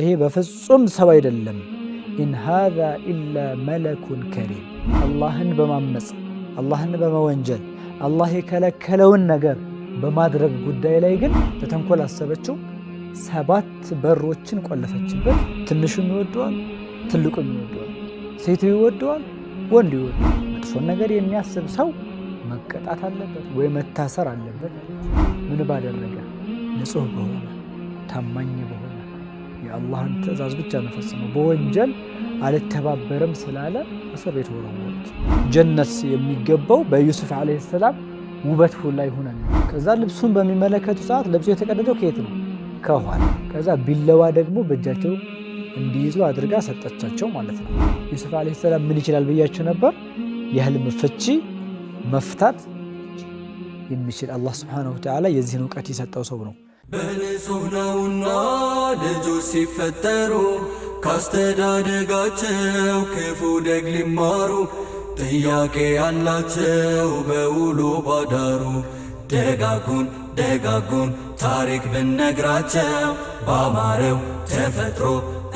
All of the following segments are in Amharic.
ይሄ በፍጹም ሰው አይደለም። ኢን ሃዛ ኢላ መለኩን ከሪም። አላህን በማመፅ አላህን በመወንጀል አላህ የከለከለውን ነገር በማድረግ ጉዳይ ላይ ግን በተንኮል አሰበችው። ሰባት በሮችን ቆለፈችበት። ትንሹም ይወደዋል፣ ትልቁም ይወደዋል፣ ሴቱ ይወደዋል፣ ወንዱ ይወደዋል። መጥፎን ነገር የሚያስብ ሰው መቀጣት አለበት ወይ መታሰር አለበት። ምን ባደረገ? ንጹሕ በሆነ ታማኝ በሆነ የአላህን ትእዛዝ ብቻ ነፈጽመው በወንጀል አልተባበርም ስላለ እስር ቤት ወረወሩት። ጀነት የሚገባው በዩሱፍ ዓለይሂ ሰላም ውበት ሁላ ይሆናል። ከዛ ልብሱን በሚመለከቱ ሰዓት ልብሱ የተቀደደው ከየት ነው? ከኋላ። ከዛ ቢለዋ ደግሞ በእጃቸው እንዲይዙ አድርጋ ሰጠቻቸው ማለት ነው። ዩሱፍ ዓለይሂ ሰላም ምን ይችላል ብያቸው ነበር። የህልም ፍቺ መፍታት የሚችል አላህ ስብሓነሁ ወተዓላ የዚህን እውቀት የሰጠው ሰው ነው። በንጹህ ነውና ልጆች ሲፈጠሩ ካስተዳደጋቸው ክፉ ደግ ሊማሩ ጥያቄ ያላቸው በውሎ ባዳሩ ደጋጉን ደጋጉን ታሪክ ብነግራቸው ባማረው ተፈጥሮ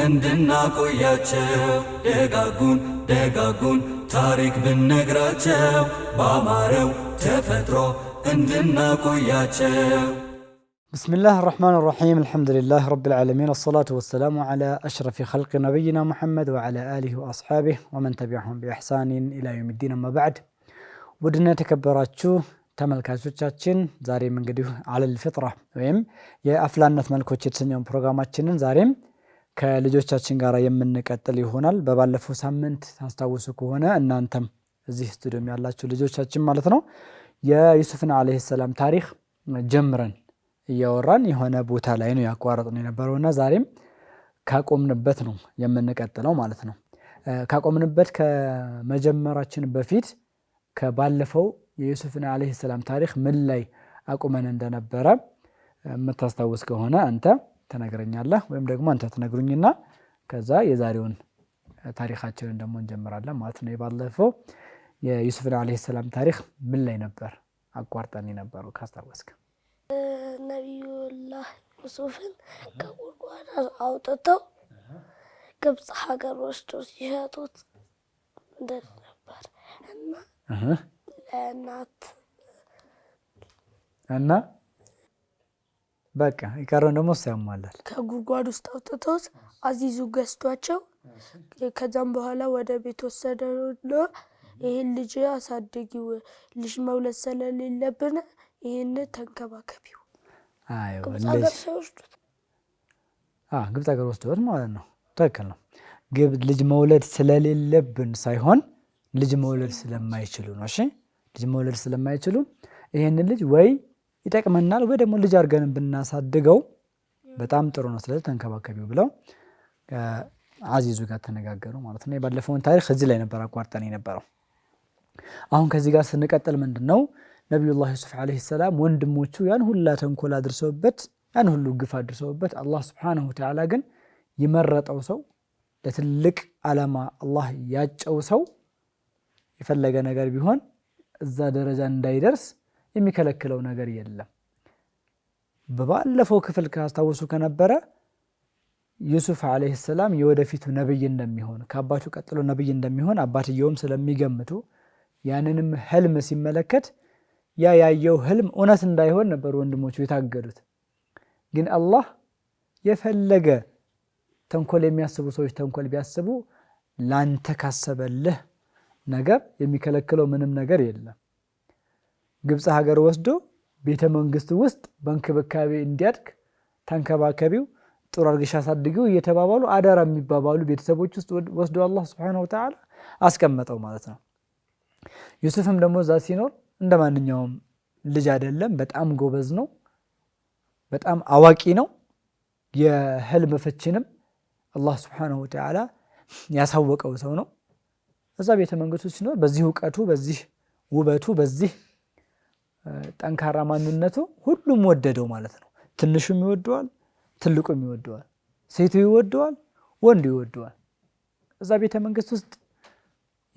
እንድናቆያቸው ደጋጉን ደጋጉን ታሪክ ብነግራቸው ባማረው ተፈጥሮ እንድናቆያቸው بسم الله الرحمن الرحيم الحمد لله رب العالمين الصلاة والسلام على أشرف خلق نبينا محمد وعلى آله وأصحابه ومن تبعهم بإحسان إلى يوم الدين أما بعد ودنا تكبراتشو تمل كاسوتشاتشن زاري من قديه على الفطرة ويم يا أفلان نتمل كوتشيتشن يوم بروغاماتشن زاري كالجوتشاتشن غارا يمن نكتلي هنا ببال سامنت تستاوسكو هنا أن أنتم زي ستوديو ميالاتشو لجوتشاتشن مالتنو يا يوسف عليه السلام تاريخ جمرن እያወራን የሆነ ቦታ ላይ ነው ያቋረጥነው የነበረው እና ዛሬም ካቆምንበት ነው የምንቀጥለው ማለት ነው። ካቆምንበት ከመጀመራችን በፊት ከባለፈው የዩሱፍን ዓለይሂ ሰላም ታሪክ ምን ላይ አቁመን እንደነበረ የምታስታውስ ከሆነ አንተ ትነግረኛለህ ወይም ደግሞ አንተ ትነግሩኝና ከዛ የዛሬውን ታሪካችንን ደግሞ እንጀምራለን ማለት ነው። የባለፈው የዩሱፍን ዓለይሂ ሰላም ታሪክ ምን ላይ ነበር አቋርጠን የነበረው ካስታወስክ? ነቢዩላህ ዩሱፍን ከጉድጓድ አውጥተው ግብፅ ሀገር ወስዶ ሲሸጡት ምንድን ነበር እና ለእናት እና በቃ የቀረውን ደግሞ እሱ ያሟላል። ከጉድጓድ ውስጥ አውጥተውት አዚዙ ገዝቷቸው ከዛም በኋላ ወደ ቤት ወሰደ። ይህን ልጅ አሳድጊው ልጅ መውለድ ስለሌለብን ይህን ተንከባከቢው። ግብፅ ሀገር ወስደውት ማለት ነው። ትክክል ነው። ልጅ መውለድ ስለሌለብን ሳይሆን ልጅ መውለድ ስለማይችሉ ነው። እሺ ልጅ መውለድ ስለማይችሉ ይህንን ልጅ ወይ ይጠቅመናል ወይ ደግሞ ልጅ አድርገን ብናሳድገው በጣም ጥሩ ነው። ስለዚህ ተንከባከቢው ብለው አዚዙ ጋር ተነጋገሩ ማለት ነው። የባለፈውን ታሪክ እዚህ ላይ ነበር አቋርጠን የነበረው። አሁን ከዚህ ጋር ስንቀጥል ምንድን ነው ነቢዩላህ ዩሱፍ ዓለይሂ ሰላም ወንድሞቹ ያን ሁላ ተንኮል አድርሰውበት ያን ሁሉ ግፍ አድርሰውበት አላህ ስብሓነሁ ተዓላ ግን የመረጠው ሰው ለትልቅ ዓላማ አላህ ያጨው ሰው የፈለገ ነገር ቢሆን እዛ ደረጃ እንዳይደርስ የሚከለክለው ነገር የለም። በባለፈው ክፍል ካስታወሱ ከነበረ ዩሱፍ ዓለይሂ ሰላም የወደፊቱ ነብይ እንደሚሆን ከአባቱ ቀጥሎ ነብይ እንደሚሆን አባትየውም ስለሚገምቱ ያንንም ህልም ሲመለከት ያ ያየው ህልም እውነት እንዳይሆን ነበር ወንድሞቹ የታገዱት። ግን አላህ የፈለገ ተንኮል የሚያስቡ ሰዎች ተንኮል ቢያስቡ ላንተ ካሰበልህ ነገር የሚከለክለው ምንም ነገር የለም። ግብፅ ሀገር ወስዶ ቤተ መንግስት ውስጥ በእንክብካቤ እንዲያድግ ተንከባከቢው፣ ጥሩ አድርገሽ አሳድጊው እየተባባሉ አደራ የሚባባሉ ቤተሰቦች ውስጥ ወስዶ አላህ ስብሐነሁ ወተዓላ አስቀመጠው ማለት ነው። ዩሱፍም ደግሞ እዛ ሲኖር እንደ ማንኛውም ልጅ አይደለም። በጣም ጎበዝ ነው። በጣም አዋቂ ነው። የህልም ፍችንም አላህ ስብሓነሁ ወተዓላ ያሳወቀው ሰው ነው። እዛ ቤተ መንግስቱ ሲኖር በዚህ እውቀቱ፣ በዚህ ውበቱ፣ በዚህ ጠንካራ ማንነቱ ሁሉም ወደደው ማለት ነው። ትንሹም ይወደዋል፣ ትልቁም ይወደዋል፣ ሴቱ ይወደዋል፣ ወንዱ ይወደዋል። እዛ ቤተ መንግስት ውስጥ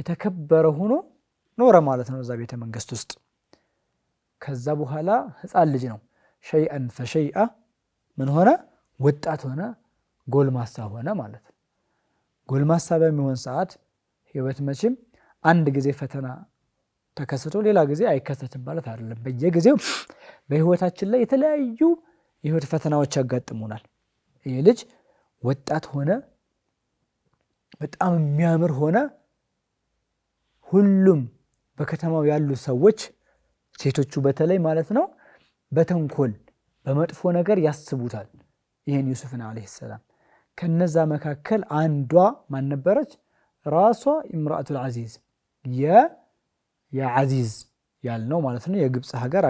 የተከበረ ሆኖ ኖረ ማለት ነው እዛ ቤተ መንግስት ውስጥ። ከዛ በኋላ ህፃን ልጅ ነው። ሸይአን ፈሸይአ ምን ሆነ? ወጣት ሆነ፣ ጎልማሳ ሆነ ማለት ነው። ጎልማሳ በሚሆን ሰዓት ህይወት መቼም አንድ ጊዜ ፈተና ተከስቶ ሌላ ጊዜ አይከሰትም ማለት አይደለም። በየጊዜው በህይወታችን ላይ የተለያዩ የህይወት ፈተናዎች ያጋጥሙናል። ይህ ልጅ ወጣት ሆነ፣ በጣም የሚያምር ሆነ። ሁሉም በከተማው ያሉ ሰዎች ሴቶቹ በተለይ ማለት ነው በተንኮል በመጥፎ ነገር ያስቡታል ይህን ዩሱፍን ዓለይሂ ሰላም። ከነዛ መካከል አንዷ ማን ነበረች? ራሷ ኢምራአቱል ዐዚዝ የዐዚዝ ያልነው ማለት ነው የግብፅ ሀገር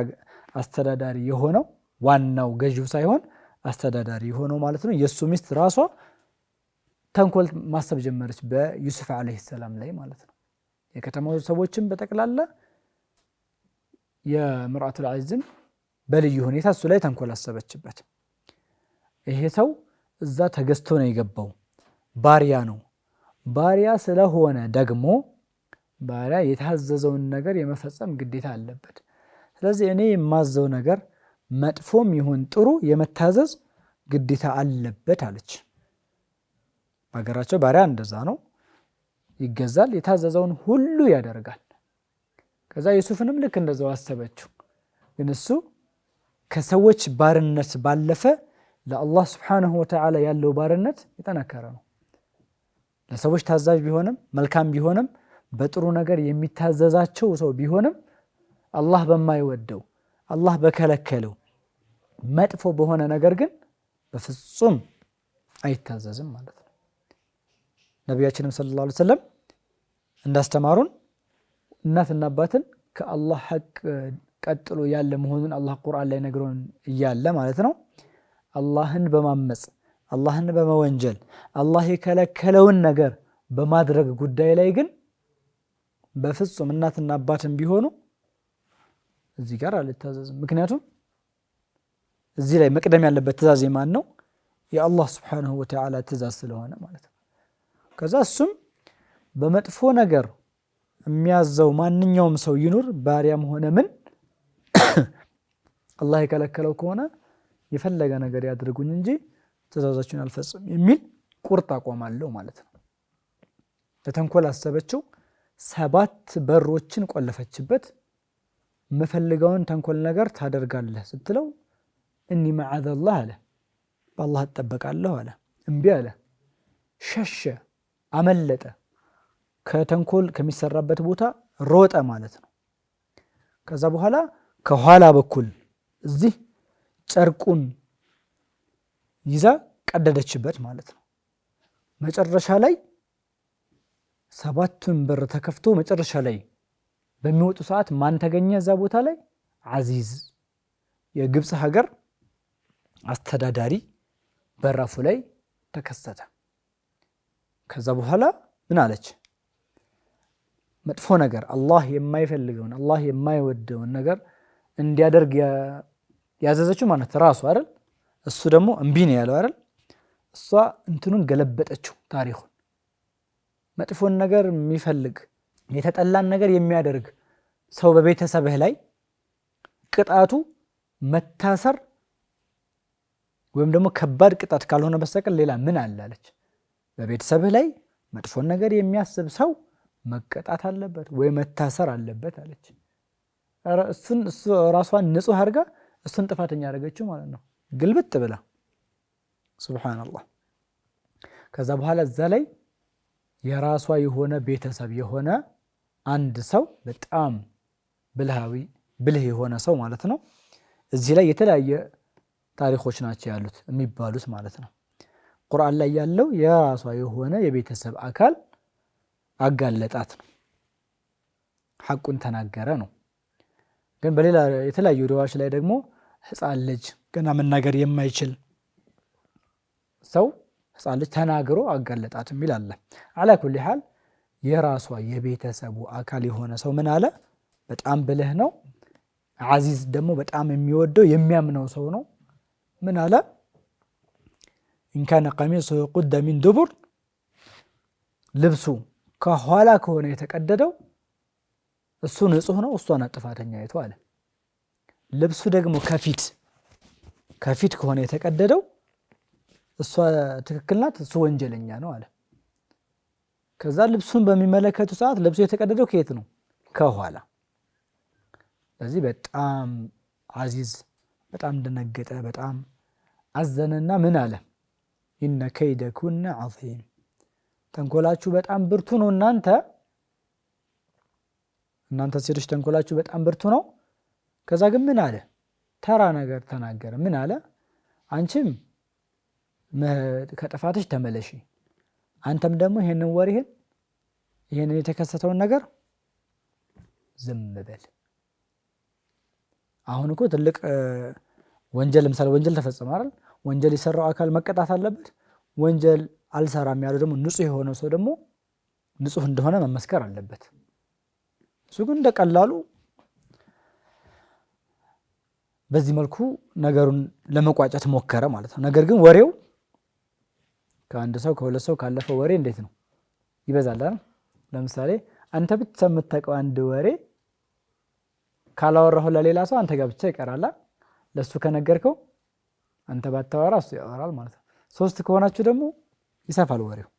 አስተዳዳሪ የሆነው ዋናው ገዢው ሳይሆን አስተዳዳሪ የሆነው ማለት ነው የእሱ ሚስት ራሷ ተንኮል ማሰብ ጀመረች በዩሱፍ ዓለይሂ ሰላም ላይ ማለት ነው። የከተማው ሰዎችን በጠቅላላ የምርአቱል አዚዝን በልዩ ሁኔታ እሱ ላይ ተንኮላሰበችበት። ይሄ ሰው እዛ ተገዝቶ ነው የገባው፣ ባሪያ ነው። ባሪያ ስለሆነ ደግሞ ባሪያ የታዘዘውን ነገር የመፈጸም ግዴታ አለበት። ስለዚህ እኔ የማዘው ነገር መጥፎም ይሁን ጥሩ የመታዘዝ ግዴታ አለበት አለች። በሀገራቸው ባሪያ እንደዛ ነው። ይገዛል፣ የታዘዘውን ሁሉ ያደርጋል። ከዛ ዩሱፍንም ልክ እንደዛው አሰበችው። ግን እሱ ከሰዎች ባርነት ባለፈ ለአላህ ስብሓነሁ ወተዓላ ያለው ባርነት የጠነከረ ነው። ለሰዎች ታዛዥ ቢሆንም መልካም ቢሆንም በጥሩ ነገር የሚታዘዛቸው ሰው ቢሆንም አላህ በማይወደው አላህ በከለከለው መጥፎ በሆነ ነገር ግን በፍጹም አይታዘዝም ማለት ነው። ነቢያችንም ሰለላሁ ዐለይሂ ወሰለም እንዳስተማሩን እናትና አባትን ከአላህ ሐቅ ቀጥሎ ያለ መሆኑን አላህ ቁርአን ላይ ነግሮን እያለ ማለት ነው። አላህን በማመፅ አላህን በመወንጀል አላህ የከለከለውን ነገር በማድረግ ጉዳይ ላይ ግን በፍጹም እናትና አባትን ቢሆኑ እዚህ ጋር አልታዘዝም። ምክንያቱም እዚህ ላይ መቅደም ያለበት ትእዛዝ የማን ነው? የአላህ ስብሓነሁ ወተዓላ ትእዛዝ ስለሆነ ማለት ነው። ከዛ እሱም በመጥፎ ነገር የሚያዘው ማንኛውም ሰው ይኑር ባሪያም ሆነ ምን አላህ የከለከለው ከሆነ የፈለገ ነገር ያድርጉኝ እንጂ ትእዛዛችሁን አልፈጽም የሚል ቁርጥ አቋም አለው ማለት ነው። ለተንኮል አሰበችው፣ ሰባት በሮችን ቆለፈችበት። የምፈልገውን ተንኮል ነገር ታደርጋለህ ስትለው እኒ መዓዘላህ አለ፣ በአላህ እጠበቃለሁ አለ፣ እምቢ አለ፣ ሸሸ አመለጠ፣ ከተንኮል ከሚሰራበት ቦታ ሮጠ ማለት ነው። ከዛ በኋላ ከኋላ በኩል እዚህ ጨርቁን ይዛ ቀደደችበት ማለት ነው። መጨረሻ ላይ ሰባቱን በር ተከፍቶ መጨረሻ ላይ በሚወጡ ሰዓት ማን ተገኘ? እዛ ቦታ ላይ አዚዝ የግብፅ ሀገር አስተዳዳሪ በራፉ ላይ ተከሰተ። ከዛ በኋላ ምን አለች? መጥፎ ነገር አላህ የማይፈልገውን አላህ የማይወደውን ነገር እንዲያደርግ ያዘዘችው ማለት ራሱ አይደል? እሱ ደግሞ እምቢ ነው ያለው አይደል? እሷ እንትኑን ገለበጠችው ታሪኩን። መጥፎን ነገር የሚፈልግ የተጠላን ነገር የሚያደርግ ሰው በቤተሰብህ ላይ ቅጣቱ መታሰር ወይም ደግሞ ከባድ ቅጣት ካልሆነ በስተቀር ሌላ ምን አለ አለች። በቤተሰብህ ላይ መጥፎን ነገር የሚያስብ ሰው መቀጣት አለበት ወይ መታሰር አለበት አለች። እሱን እሱ ራሷን ንጹህ አድርጋ እሱን ጥፋተኛ አደረገችው ማለት ነው፣ ግልብጥ ብላ ሱብሓነላህ። ከዛ በኋላ እዛ ላይ የራሷ የሆነ ቤተሰብ የሆነ አንድ ሰው በጣም ብልሃዊ ብልህ የሆነ ሰው ማለት ነው። እዚህ ላይ የተለያየ ታሪኮች ናቸው ያሉት የሚባሉት ማለት ነው። ቁርአን ላይ ያለው የራሷ የሆነ የቤተሰብ አካል አጋለጣት ነው። ሐቁን ተናገረ ነው። ግን በሌላ የተለያዩ ሪዋዎች ላይ ደግሞ ህፃን ልጅ ገና መናገር የማይችል ሰው ህፃን ልጅ ተናግሮ አጋለጣት የሚል አለ። አላ ኩሊ ሐል የራሷ የቤተሰቡ አካል የሆነ ሰው ምን አለ? በጣም ብልህ ነው። አዚዝ ደግሞ በጣም የሚወደው የሚያምነው ሰው ነው። ምን አለ ኢንካነ ቀሚሱሁ ቁደ ሚን ዱቡር ልብሱ ከኋላ ከሆነ የተቀደደው እሱ ንጹህ ነው፣ እሷ ናት ጥፋተኛ ይቱ አለ። ልብሱ ደግሞ ከፊት ከፊት ከሆነ የተቀደደው እሷ ትክክል ናት፣ እሱ ወንጀለኛ ነው አለ። ከዛ ልብሱን በሚመለከቱ ሰዓት ልብሱ የተቀደደው ከየት ነው? ከኋላ። ስለዚህ በጣም አዚዝ በጣም ደነገጠ፣ በጣም አዘነና ምን አለ ኢነ ከይደኩነ ዐዚም ተንኮላችሁ በጣም ብርቱ ነው። እናንተ እናንተ ሴቶች ተንኮላችሁ በጣም ብርቱ ነው። ከዛ ግን ምን አለ? ተራ ነገር ተናገረ። ምን አለ? አንቺም ከጥፋትሽ ተመለሺ፣ አንተም ደግሞ ይሄንን ወሬህን ይሄንን የተከሰተውን ነገር ዝም በል። አሁን እኮ ትልቅ ወንጀል ምሳሌ ወንጀል ተፈጽሟል። ወንጀል የሰራው አካል መቀጣት አለበት። ወንጀል አልሰራም ያለው ደግሞ ንጹህ የሆነው ሰው ደግሞ ንጹህ እንደሆነ መመስከር አለበት። እሱ ግን እንደቀላሉ በዚህ መልኩ ነገሩን ለመቋጨት ሞከረ ማለት ነው። ነገር ግን ወሬው ከአንድ ሰው ከሁለት ሰው ካለፈ ወሬ እንዴት ነው ይበዛል። ለምሳሌ አንተ ብቻ የምታውቀው አንድ ወሬ ካላወራሁ ለሌላ ሰው አንተ ጋር ብቻ ይቀራላ። ለእሱ ከነገርከው አንተ ባታወራ እሱ ያወራል ማለት ነው። ሶስት ከሆናችሁ ደግሞ ይሰፋል ወሬው።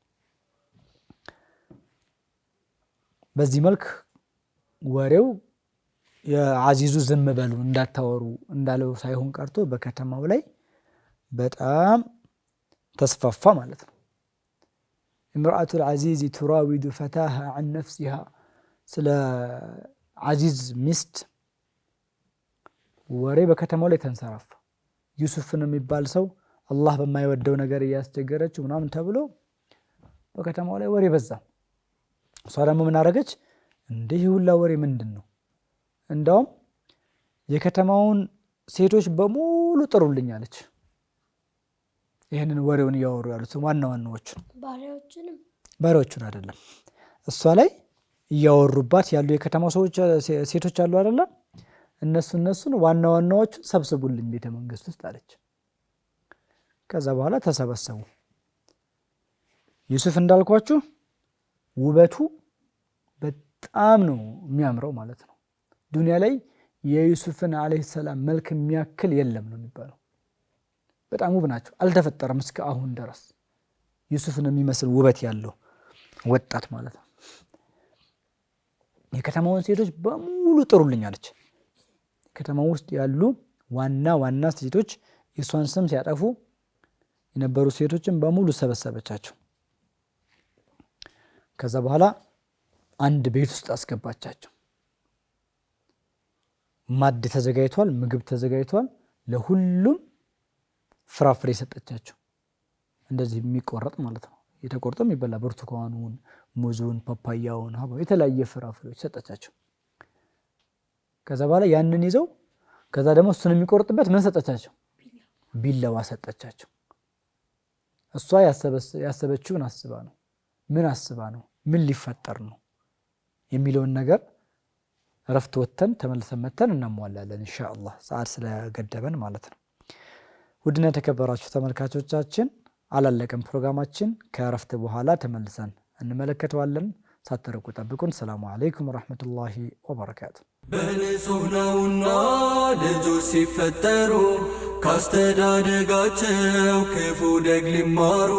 በዚህ መልክ ወሬው የአዚዙ ዝም በሉ እንዳታወሩ እንዳለው ሳይሆን ቀርቶ በከተማው ላይ በጣም ተስፋፋ ማለት ነው። እምርአቱል አዚዝ ቱራዊዱ ፈታሃ አን ነፍሲሃ ስለ አዚዝ ሚስት ወሬ በከተማው ላይ ተንሰራፋ። ዩሱፍን የሚባል ሰው አላህ በማይወደው ነገር እያስቸገረችው ምናምን ተብሎ በከተማው ላይ ወሬ በዛ። እሷ ደግሞ ምን አረገች? እንዲህ ሁላ ወሬ ምንድን ነው? እንዳውም የከተማውን ሴቶች በሙሉ ጥሩልኝ አለች። ይህንን ወሬውን እያወሩ ያሉት ዋና ዋናዎቹን ባሪያዎቹን አይደለም፣ እሷ ላይ እያወሩባት ያሉ የከተማው ሰዎች ሴቶች አሉ አይደለም እነሱ እነሱን ዋና ዋናዎቹን ሰብስቡልኝ ቤተ መንግስት ውስጥ አለች። ከዛ በኋላ ተሰበሰቡ። ዩሱፍ እንዳልኳችሁ ውበቱ በጣም ነው የሚያምረው ማለት ነው። ዱንያ ላይ የዩሱፍን ዓለይሂ ሰላም መልክ የሚያክል የለም ነው የሚባለው። በጣም ውብ ናቸው። አልተፈጠረም እስከ አሁን ድረስ ዩሱፍን የሚመስል ውበት ያለው ወጣት ማለት ነው። የከተማውን ሴቶች በሙሉ ጥሩልኝ አለች። ከተማ ውስጥ ያሉ ዋና ዋና ሴቶች የእሷን ስም ሲያጠፉ የነበሩ ሴቶችን በሙሉ ሰበሰበቻቸው። ከዛ በኋላ አንድ ቤት ውስጥ አስገባቻቸው። ማድ ተዘጋጅቷል፣ ምግብ ተዘጋጅቷል። ለሁሉም ፍራፍሬ ሰጠቻቸው። እንደዚህ የሚቆረጥ ማለት ነው። የተቆርጠ የሚበላ ብርቱካኑን፣ ሙዙን፣ ፓፓያውን የተለያየ ፍራፍሬዎች ሰጠቻቸው። ከዛ በኋላ ያንን ይዘው ከዛ ደግሞ እሱን የሚቆርጥበት ምን ሰጠቻቸው? ቢላዋ ሰጠቻቸው። እሷ ያሰበችውን አስባ ነው። ምን አስባ ነው? ምን ሊፈጠር ነው የሚለውን ነገር እረፍት ወጥተን ተመልሰን መተን እናሟላለን ኢንሻአላህ፣ ሰዓት ስለገደበን ማለት ነው። ውድና የተከበራችሁ ተመልካቾቻችን አላለቀም ፕሮግራማችን። ከእረፍት በኋላ ተመልሰን እንመለከተዋለን። ሳትርቁ ጠብቁን። ሰላሙ አለይኩም ወረሕመቱላሂ ወበረካቱ። በንጹህ ነውና ልጆች ሲፈጠሩ ካስተዳደጋቸው ክፉ ደግ ሊማሩ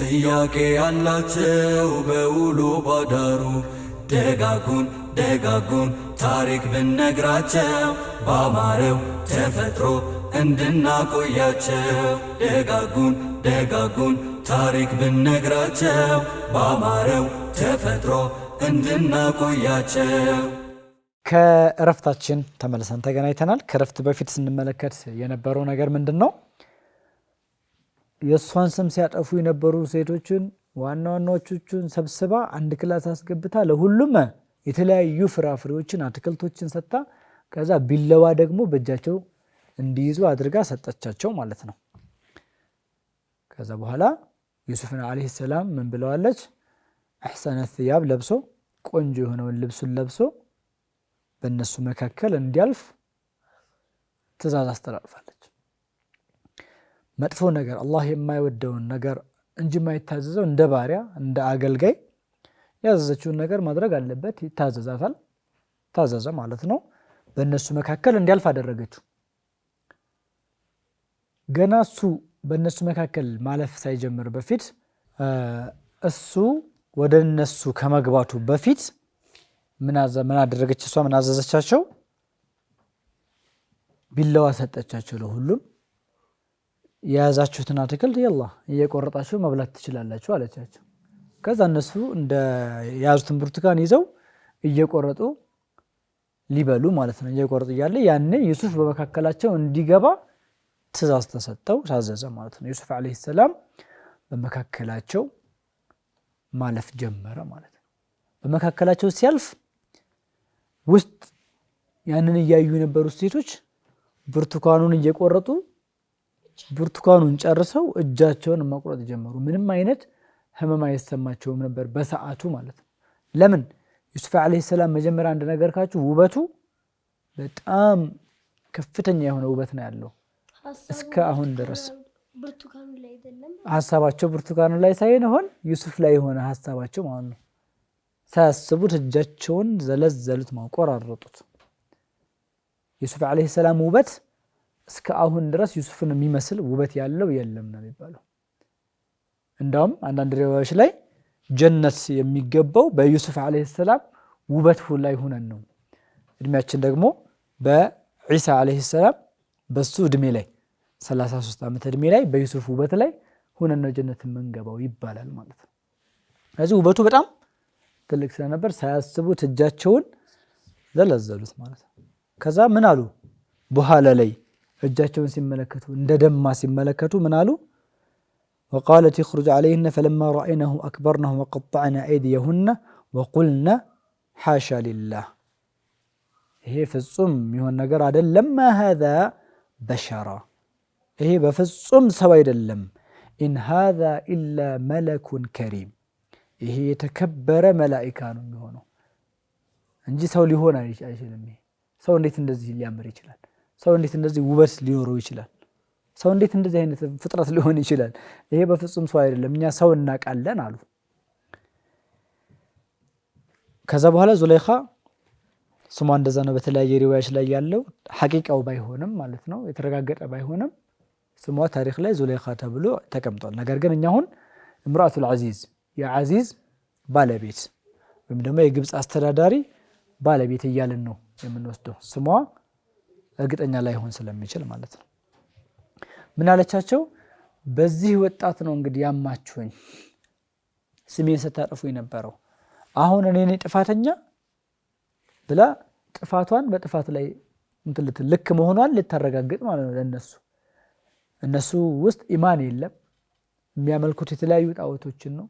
ጥያቄ ያላቸው በውሎ ባዳሩ ደጋጉን ደጋጉን ታሪክ ብነግራቸው ባማረው ተፈጥሮ እንድናቆያቸው ደጋጉን ደጋጉን ታሪክ ብነግራቸው ባማረው ተፈጥሮ እንድናቆያቸው። ከእረፍታችን ተመልሰን ተገናኝተናል። ከእረፍት በፊት ስንመለከት የነበረው ነገር ምንድን ነው? የእሷን ስም ሲያጠፉ የነበሩ ሴቶችን ዋና ዋናዎቹን ሰብስባ አንድ ክላስ አስገብታ ለሁሉም የተለያዩ ፍራፍሬዎችን፣ አትክልቶችን ሰጥታ ከዛ ቢለዋ ደግሞ በእጃቸው እንዲይዙ አድርጋ ሰጠቻቸው ማለት ነው። ከዛ በኋላ ዩሱፍን ዓለይሂ ሰላም ምን ብለዋለች? አሕሰነ ስያብ ለብሶ ቆንጆ የሆነውን ልብሱን ለብሶ በእነሱ መካከል እንዲያልፍ ትእዛዝ አስተላልፋለች። መጥፎ ነገር አላህ የማይወደውን ነገር እንጂ የማይታዘዘው እንደ ባሪያ እንደ አገልጋይ ያዘዘችውን ነገር ማድረግ አለበት። ይታዘዛታል፣ ታዘዘ ማለት ነው። በእነሱ መካከል እንዲያልፍ አደረገችው። ገና እሱ በእነሱ መካከል ማለፍ ሳይጀምር በፊት እሱ ወደ እነሱ ከመግባቱ በፊት ምን አደረገች? እሷ ምን አዘዘቻቸው? ቢላዋ ሰጠቻቸው። ለሁሉም የያዛችሁትን አትክልት የላ እየቆረጣችሁ መብላት ትችላላችሁ አለቻቸው። ከዛ እነሱ እንደ የያዙትን ብርቱካን ይዘው እየቆረጡ ሊበሉ ማለት ነው። እየቆረጡ እያለ ያኔ ዩሱፍ በመካከላቸው እንዲገባ ትእዛዝ ተሰጠው ታዘዘ ማለት ነው። ዩሱፍ ዓለይሂ ሰላም በመካከላቸው ማለፍ ጀመረ ማለት ነው። በመካከላቸው ሲያልፍ ውስጥ ያንን እያዩ የነበሩ ሴቶች ብርቱካኑን እየቆረጡ ብርቱካኑን ጨርሰው እጃቸውን መቁረጥ ጀመሩ። ምንም አይነት ህመም አይሰማቸውም ነበር በሰዓቱ ማለት ነው። ለምን ዩሱፍ ዓለይሂ ሰላም መጀመሪያ አንድ ነገር ካችሁ ውበቱ በጣም ከፍተኛ የሆነ ውበት ነው ያለው እስከ አሁን ድረስ ሀሳባቸው ብርቱካኑ ላይ ሳይሆን ዩሱፍ ላይ የሆነ ሀሳባቸው ማለት ነው። ሳያስቡት እጃቸውን ዘለዘሉት፣ ማቆራረጡት። ዩሱፍ ዓለይሂ ሰላም ውበት እስከ አሁን ድረስ ዩሱፍን የሚመስል ውበት ያለው የለም ነው የሚባለው። እንዳውም አንዳንድ ሪዋዎች ላይ ጀነት የሚገባው በዩሱፍ ዓለይሂ ሰላም ውበት ላይ ሆነን ነው። እድሜያችን ደግሞ በዒሳ ዓለይሂ ሰላም በሱ እድሜ ላይ ሰላሳ ሶስት ዓመት እድሜ ላይ በዩሱፍ ውበት ላይ ሆነን ነው ጀነት የምንገባው ይባላል ማለት ነው። ስለዚህ ውበቱ በጣም ትልቅ ስለነበር ሳያስቡት እጃቸውን ዘለዘሉት ማለት ነው። ከዛ ምን አሉ? በኋላ ላይ እጃቸውን ሲመለከቱ እንደ ደማ ሲመለከቱ ምን አሉ? ወቃለት ይኽሩጅ ዓለይህነ ፈለማ ረአይናሁ አክበርናሁ ወቀጣዕና አይዲየሁነ ወቁልነ ሓሻ ሊላህ ይሄ ፍጹም የሚሆን ነገር አይደለም። ለማ ሃዛ በሸራ ይሄ በፍጹም ሰው አይደለም። ኢን ሃዛ ኢላ መለኩን ከሪም ይሄ የተከበረ መላኢካ ነው የሚሆነው እንጂ ሰው ሊሆን አይችልም። ይሄ ሰው እንዴት እንደዚህ ሊያምር ይችላል? ሰው እንዴት እንደዚህ ውበት ሊኖረው ይችላል? ሰው እንዴት እንደዚህ አይነት ፍጥረት ሊሆን ይችላል? ይሄ በፍጹም ሰው አይደለም፣ እኛ ሰው እናውቃለን አሉ። ከዛ በኋላ ዙለይኻ ስሟ እንደዛ ነው በተለያየ ሪዋያች ላይ ያለው ሐቂቃው ባይሆንም ማለት ነው የተረጋገጠ ባይሆንም ስሟ ታሪክ ላይ ዙሌይኻ ተብሎ ተቀምጧል። ነገር ግን እኛ አሁን እምራአቱል ዐዚዝ የዐዚዝ ባለቤት ወይም ደግሞ የግብፅ አስተዳዳሪ ባለቤት እያልን ነው የምንወስደው። ስሟ እርግጠኛ ላይሆን ስለሚችል ማለት ነው። ምን አለቻቸው? በዚህ ወጣት ነው እንግዲህ ያማችሁኝ፣ ስሜን ስታጠፉ የነበረው አሁን እኔ ጥፋተኛ ብላ ጥፋቷን በጥፋት ላይ ልክ መሆኗን ልታረጋግጥ ማለት ነው ለእነሱ እነሱ ውስጥ ኢማን የለም። የሚያመልኩት የተለያዩ ጣዖቶችን ነው፣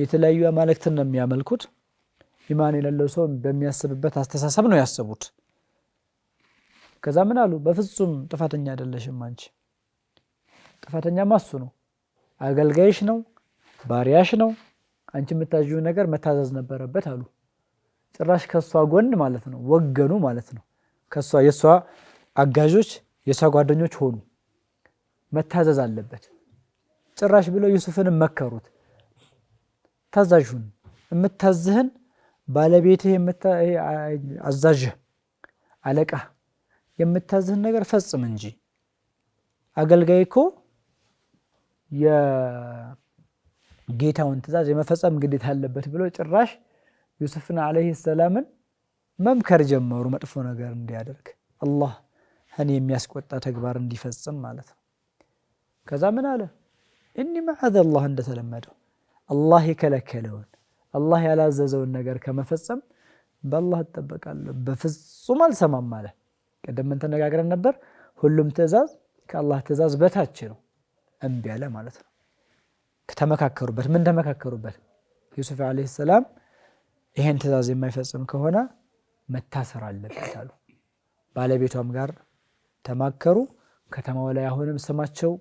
የተለያዩ አማልክትን ነው የሚያመልኩት። ኢማን የሌለው ሰው በሚያስብበት አስተሳሰብ ነው ያሰቡት። ከዛ ምን አሉ? በፍጹም ጥፋተኛ አይደለሽም አንቺ። ጥፋተኛ ማሱ ነው፣ አገልጋይሽ ነው፣ ባሪያሽ ነው። አንቺ የምታዥው ነገር መታዘዝ ነበረበት አሉ። ጭራሽ ከእሷ ጎን ማለት ነው፣ ወገኑ ማለት ነው። ከእሷ የእሷ አጋዦች የእሷ ጓደኞች ሆኑ። መታዘዝ አለበት። ጭራሽ ብለው ዩሱፍንም መከሩት። ታዛዥ የምታዝህን ባለቤትህ አዛዥህ፣ አለቃ የምታዝህን ነገር ፈጽም እንጂ አገልጋይ እኮ የጌታውን ትእዛዝ የመፈጸም ግዴታ አለበት ብሎ ጭራሽ ዩሱፍን ዓለይሂ ሰላምን መምከር ጀመሩ፣ መጥፎ ነገር እንዲያደርግ አላህ አላህን የሚያስቆጣ ተግባር እንዲፈጽም ማለት ነው። ከዛ ምን አለ እኒ መዓዘ አላህ እንደተለመደው አላህ የከለከለውን አላህ ያላዘዘውን ነገር ከመፈጸም በአላህ እጠበቃለሁ በፍጹም አልሰማም አለ። ቀደም ምን ተነጋግረን ነበር? ሁሉም ትዕዛዝ ከአላህ ትዕዛዝ በታች ነው። እምቢ አለ ማለት ነው። ከተመካከሩበት ምን ተመካከሩበት? ዩሱፍ ዓለይሂ ሰላም ይሄን ትዕዛዝ የማይፈጽም ከሆነ መታሰር አለበት አሉ። ባለቤቷም ጋር ተማከሩ። ከተማው ላይ አሁንም ስማቸው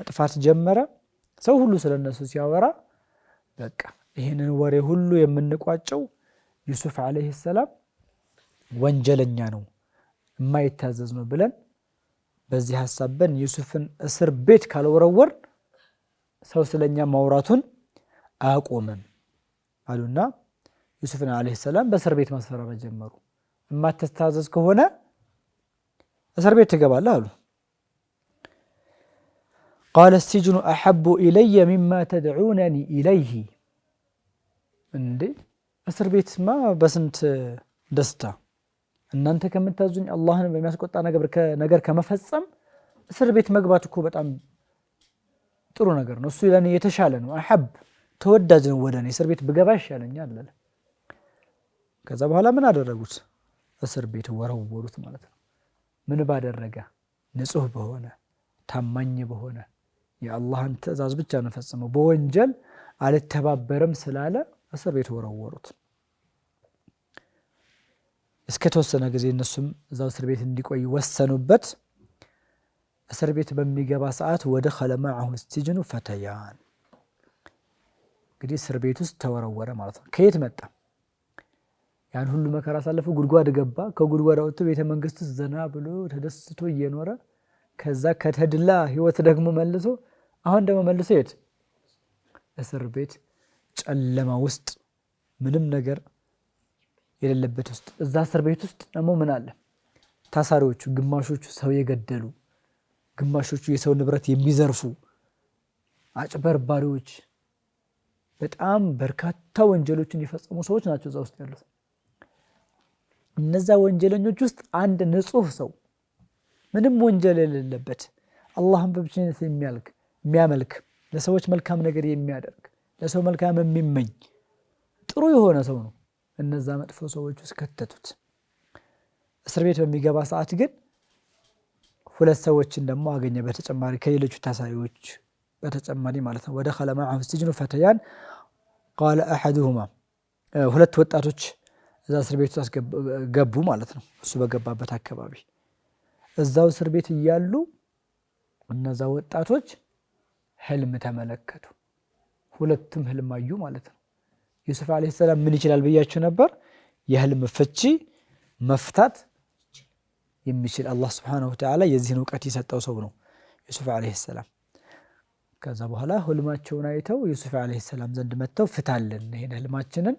መጥፋት ጀመረ። ሰው ሁሉ ስለ እነሱ ሲያወራ በቃ ይህንን ወሬ ሁሉ የምንቋጨው ዩሱፍ ዓለይሂ ሰላም ወንጀለኛ ነው፣ የማይታዘዝ ነው ብለን በዚህ ሀሳብን ዩሱፍን እስር ቤት ካልወረወር ሰው ስለኛ ማውራቱን አያቆምም አሉና ዩሱፍን ዓለይሂ ሰላም በእስር ቤት ማስፈራራት ጀመሩ። የማትታዘዝ ከሆነ እስር ቤት ትገባለህ አሉ። ቃለ ሲጅኑ አሐቡ ኢለየ ሚማ ተድዑነኒ ኢለይህ። እንዴ እስር ቤትማ በስንት ደስታ! እናንተ ከምታዙኝ አላህን በሚያስቆጣ ነገር ከመፈጸም እስር ቤት መግባት እኮ በጣም ጥሩ ነገር ነው። እሱ ለእኔ የተሻለ ነው። አሐብ ተወዳጅ ነው ወደ እኔ እስር ቤት ብገባ ይሻለኛል አለ። ከዛ በኋላ ምን አደረጉት? እስር ቤት ወረወሩት ማለት ነው። ምን ባደረገ? ንጹህ በሆነ ታማኝ በሆነ የአላህን ትእዛዝ ብቻ ነው ፈጽመው። በወንጀል አልተባበረም ስላለ እስር ቤት ወረወሩት። እስከተወሰነ ጊዜ እነሱም እዛው እስር ቤት እንዲቆይ ወሰኑበት። እስር ቤት በሚገባ ሰዓት ወደ ከለማሁ ስትጅኑ ፈተያን እንግዲህ እስር ቤት ውስጥ ተወረወረ ማለት ነው። ከየት መጣ? ያን ሁሉ መከራ አሳለፈ ጉድጓድ ገባ። ከጉድጓድ ወጥቶ ቤተ መንግስት ዘና ብሎ ተደስቶ እየኖረ ከዛ ከተድላ ህይወት ደግሞ መልሶ አሁን ደግሞ መልሶ የት እስር ቤት ጨለማ ውስጥ ምንም ነገር የሌለበት ውስጥ እዛ እስር ቤት ውስጥ ደግሞ ምን አለ? ታሳሪዎቹ ግማሾቹ ሰው የገደሉ፣ ግማሾቹ የሰው ንብረት የሚዘርፉ አጭበርባሪዎች፣ በጣም በርካታ ወንጀሎችን የፈጸሙ ሰዎች ናቸው እዛ ውስጥ ያሉት። እነዛ ወንጀለኞች ውስጥ አንድ ንጹህ ሰው ምንም ወንጀል የሌለበት አላህን በብቸኝነት የሚያልግ የሚያመልክ ለሰዎች መልካም ነገር የሚያደርግ ለሰው መልካም የሚመኝ ጥሩ የሆነ ሰው ነው። እነዛ መጥፎ ሰዎች ውስጥ ከተቱት። እስር ቤት በሚገባ ሰዓት ግን ሁለት ሰዎችን ደግሞ አገኘ። በተጨማሪ ከሌሎቹ ታሳሪዎች በተጨማሪ ማለት ነው። ወደ ከለማ ስጅኑ ፈተያን ቃለ አሐዱሁማ ሁለት ወጣቶች እዛ እስር ቤት ውስጥ ገቡ ማለት ነው። እሱ በገባበት አካባቢ እዛው እስር ቤት እያሉ እነዛ ወጣቶች ህልም ተመለከቱ። ሁለቱም ህልም አዩ ማለት ነው። ዩሱፍ ዓለይሂ ሰላም ምን ይችላል ብያችሁ ነበር? የህልም ፍቺ መፍታት የሚችል አላህ ስብሓነሁ ወተዓላ የዚህን እውቀት የሰጠው ሰው ነው ዩሱፍ ዓለይሂ ሰላም። ከዛ በኋላ ህልማቸውን አይተው ዩሱፍ ዓለይሂ ሰላም ዘንድ መጥተው ፍታለን፣ ይሄን ህልማችንን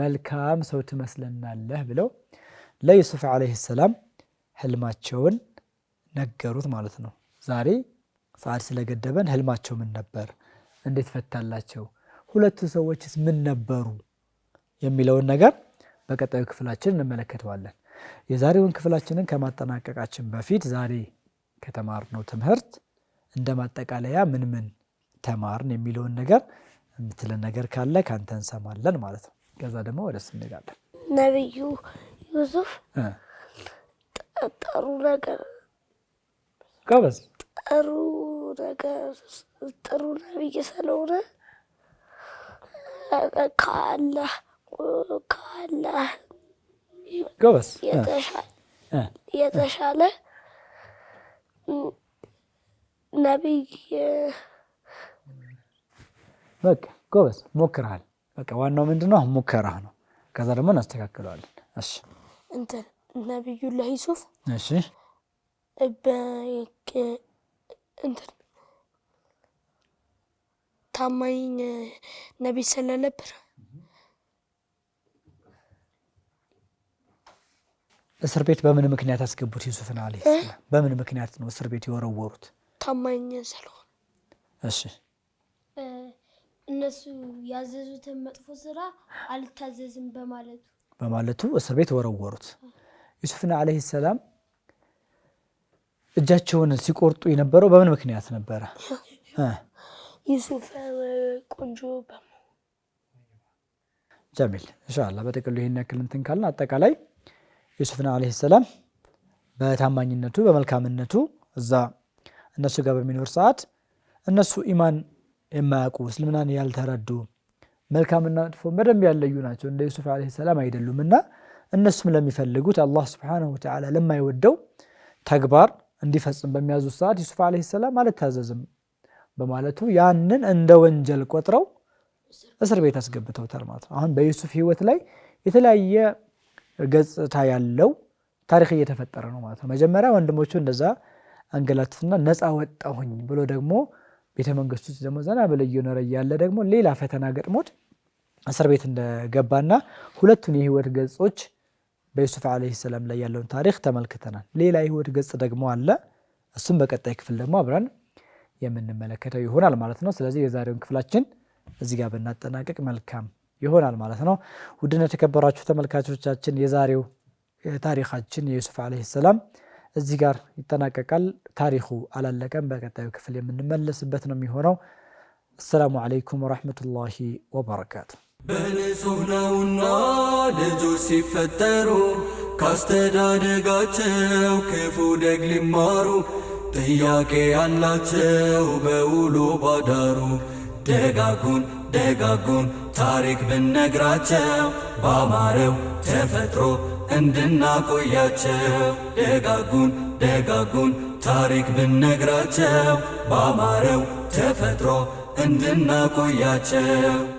መልካም ሰው ትመስለናለህ ብለው ለዩሱፍ ዓለይሂ ሰላም ህልማቸውን ነገሩት ማለት ነው ዛሬ ሰዓት ስለገደበን ህልማቸው ምን ነበር? እንዴት ፈታላቸው? ሁለቱ ሰዎችስ ምን ነበሩ? የሚለውን ነገር በቀጣዩ ክፍላችን እንመለከተዋለን። የዛሬውን ክፍላችንን ከማጠናቀቃችን በፊት ዛሬ ከተማርነው ትምህርት እንደ ማጠቃለያ ምን ምን ተማርን የሚለውን ነገር የምትለን ነገር ካለ ካንተ እንሰማለን ማለት ነው። ከዛ ደግሞ ወደ ስንሄዳለን። ነቢዩ ዩሱፍ ጠጠሩ ነገር ጎበዝ ጥሩ ነገር ጥሩ ነቢይ ስለሆነ ከአላህ ከአላህ የተሻለ ነቢይ በቃ ጎበዝ ሞክረሃል። በቃ ዋናው ምንድን ነው ሙከራህ ነው። ከዛ ደግሞ እናስተካክለዋለን። እሺ እንትን ነቢዩላህ ዩሱፍ እሺ እንትን ታማኝ ነቢይ ስለነበር እስር ቤት በምን ምክንያት አስገቡት? ዩሱፍን ዓለይሂ ሰላም በምን ምክንያት ነው እስር ቤት የወረወሩት? ታማኝ ስለሆነ። እሺ እነሱ ያዘዙትን መጥፎ ስራ አልታዘዝም በማለቱ በማለቱ እስር ቤት ወረወሩት። ዩሱፍን ዓለይሂ ሰላም እጃቸውን ሲቆርጡ የነበረው በምን ምክንያት ነበረ? ቆንጆ ጀሚል እንሻላ በጥቅሉ ይህን ያክል እንትን ካልን አጠቃላይ ዩሱፍን ዓለይሂ ሰላም በታማኝነቱ በመልካምነቱ እዛ እነሱ ጋር በሚኖር ሰዓት እነሱ ኢማን የማያውቁ እስልምናን ያልተረዱ መልካምና መጥፎ በደንብ ያለዩ ናቸው። እንደ ዩሱፍ ዓለይሂ ሰላም አይደሉም እና እነሱም ለሚፈልጉት አላህ ስብሓነሁ ወተዓላ ለማይወደው ተግባር እንዲፈጽም በሚያዙት ሰዓት ዩሱፍ ዓለይሂ ሰላም አልታዘዝም በማለቱ ያንን እንደ ወንጀል ቆጥረው እስር ቤት አስገብተውታል ማለት ነው። አሁን በዩሱፍ ህይወት ላይ የተለያየ ገጽታ ያለው ታሪክ እየተፈጠረ ነው ማለት ነው። መጀመሪያ ወንድሞቹ እንደዛ አንገላቱትና ነፃ ወጣሁኝ ብሎ ደግሞ ቤተ መንግስቱ ደግሞ ዘና በልዩ ኖረ እያለ ደግሞ ሌላ ፈተና ገጥሞት እስር ቤት እንደገባና ሁለቱን የህይወት ገጾች በዩሱፍ ዓለይሂ ሰላም ላይ ያለውን ታሪክ ተመልክተናል። ሌላ የህይወት ገጽ ደግሞ አለ። እሱም በቀጣይ ክፍል ደግሞ አብረን የምንመለከተው ይሆናል ማለት ነው። ስለዚህ የዛሬውን ክፍላችን እዚህ ጋር ብናጠናቀቅ መልካም ይሆናል ማለት ነው። ውድነ የተከበራችሁ ተመልካቾቻችን የዛሬው ታሪካችን የዩሱፍ ዓለይሂ ሰላም እዚህ ጋር ይጠናቀቃል። ታሪኩ አላለቀም። በቀጣዩ ክፍል የምንመለስበት ነው የሚሆነው። አሰላሙ ዓለይኩም ወረሕመቱላሂ ወበረካቱ። በንጹህ ነውና ልጆች ሲፈጠሩ ካስተዳደጋቸው ክፉ ደግ ሊማሩ ጥያቄ ያላቸው በውሎ ባዳሩ ደጋጉን ደጋጉን ታሪክ ብነግራቸው ባማረው ተፈጥሮ እንድናቆያቸው ደጋጉን ደጋጉን ታሪክ ብነግራቸው ባማረው ተፈጥሮ እንድናቆያቸው